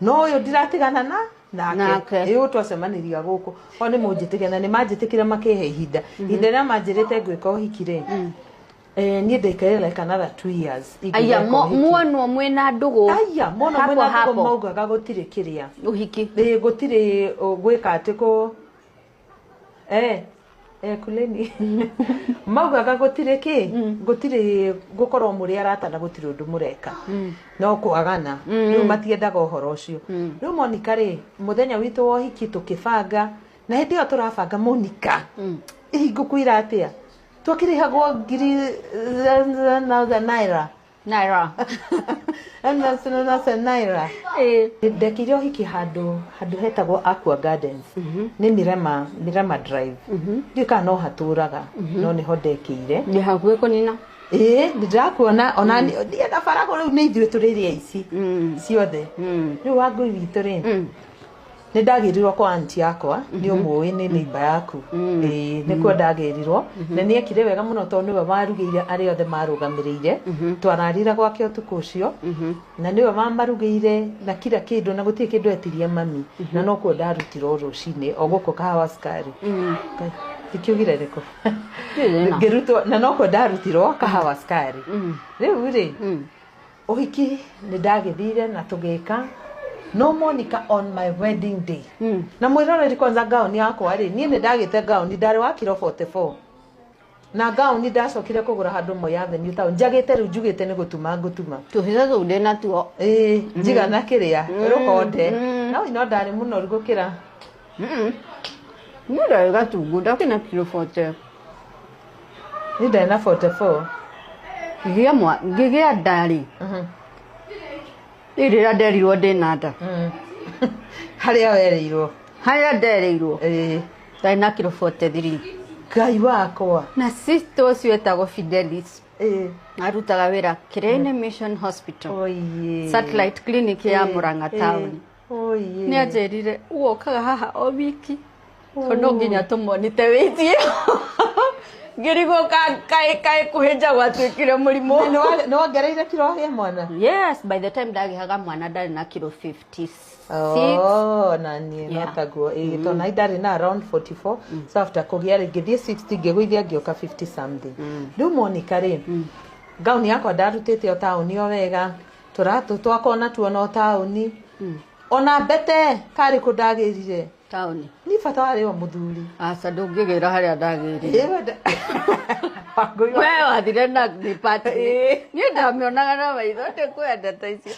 no å yå ndiratigana na nake ä å twacemaniria gå kå o nä må njä tä na nä manjä tä kä re makä he ihinda mhm. ihinda rä rä a manjä rä te ngwä ka å hiki rä mm. niä ndaikarä like another two years aya muonwo mwä na ndå gå aya muonwo mwä na ndå gå maugaga gå tirä kä rä a å hiki gå tirä gwä ka atä kå ekuleni eh, maugaga gũtirĩ kĩ mm. gũtirĩ gũkorwo muri arata na gũtirĩ ũndũ mũreka mm. no kwagana mm. rĩu matiendaga ũhoro ũcio rĩu monika rĩ mũthenya witũ wa ũhiki tũkĩbanga na hĩndĩ ĩyo tũrabanga monika ihingũku iratĩa tũkĩrĩhagwo ngiri eh, eh, naira naira na sino na sen naira eh. ndekire ũhiki handũ handũ hetagwo Aqua Gardens mhm. nĩ Mirema Mirema Drive mhm. ndiũĩ kana no hatũraga mhm. no niho ndekĩire nĩ hakuhĩ kũnina ĩĩ eh, ndĩrakuona ona mm. ndienda bara rĩu nĩ rä tũrĩrĩa ici mm. ciothe rä mm. rĩu wangũi witũ rä nä ndagirirwo kwa anti yakwa nä å må ä nä neiba yaku mm. nä kuo mm. rirwo mhm. na nä ekire wega må no tondå nä we warugä ire arä othe marå ire mhm. twararira gwake å tukå å cio mhm. na nä we wamarugä ire na kira kä ndå na gå tiä kä ndå etirie mami na nokuo ndarutirwo rå cinä o gå kå kahawa cukari mm. ikiugire riko na nokuo ndarutirwo kahawa cukari rä u rä å hiki nä ndagä thire na tå gä ka nomo on my wedding day mm. na mwiroreri kwanza gauni yakwa niä nä ni te gauni ndarä wa kiro 44 na gauni ndacokire kugura handu moyathe new town njagite riu njugite ni gutuma ngutuma tuhithe tuu ndi natuo ii njigana kiria hmm. rukonde hmm. no ino ndari munoru gukira nie ndari gatungu na kiro 40 ni ndari na 44 ngigia ndari rä rä rä a nderirwo ndä na nda hmm. harä a wereirwo harä a ndereirwo ndarä na kiro ngai wakwa na citå å cio etagwo fidelis arutaga wä ra kirene hmm. mission hospital clinic ya må ranga taåni nä anjä rire gokaga haha o wiki tondå nginya tå monite wä tie ngirigo kae kae kuhinja gwatuikire murimu no ngereire kiro ya mwana yes by the time haga mwana ndari na kiro 56 oh nani na around 44 so after kå gä a ngä thiä 60 ngä gå ithia ngä oka 50 something rä u monika rä ni yakwa ndarutä te o ni o wega tå ratå twakona tuona o taåni ona mbete karä kå ndagä rire taoni ni bata warä wa må thuri ndå ngä gä ra harä a ndagä rire wathire na nä ndamä onaga na maitho ndä kwenda ta icio